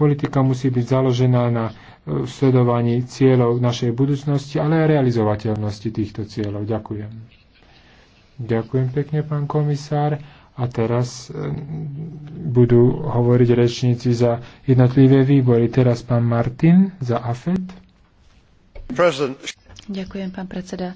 Politika musí byť založená na e, sledovaní cieľov našej budúcnosti, ale aj realizovateľnosti týchto cieľov. Ďakujem. Ďakujem pekne, pán komisár. A teraz e, budú hovoriť rečníci za jednotlivé výbory. Teraz pán Martin za AFED. President. Ďakujem, pán predseda.